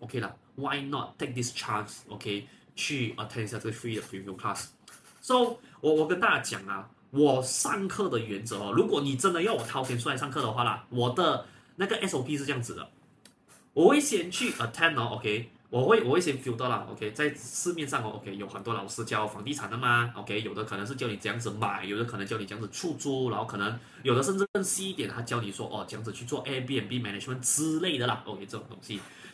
OK 啦，why not take this chance？OK，okay，去 attend 一下這個 free 的 preview class。So 我我跟大家講啊，我上課的原則哦，如果你真的要我掏錢出來上課的話啦，我的那個 SOP 是這樣子的，我會先去 attend 哦，OK，我會我會先 feel 到啦，OK，在市面上哦，OK 有很多老師教房地產的嘛，OK，有的可能是教你這樣子買，有的可能教你這樣子出租，然後可能有的甚至更細一點，他教你說哦，這樣子去做 Airbnb management 之類的啦，OK，這種東西。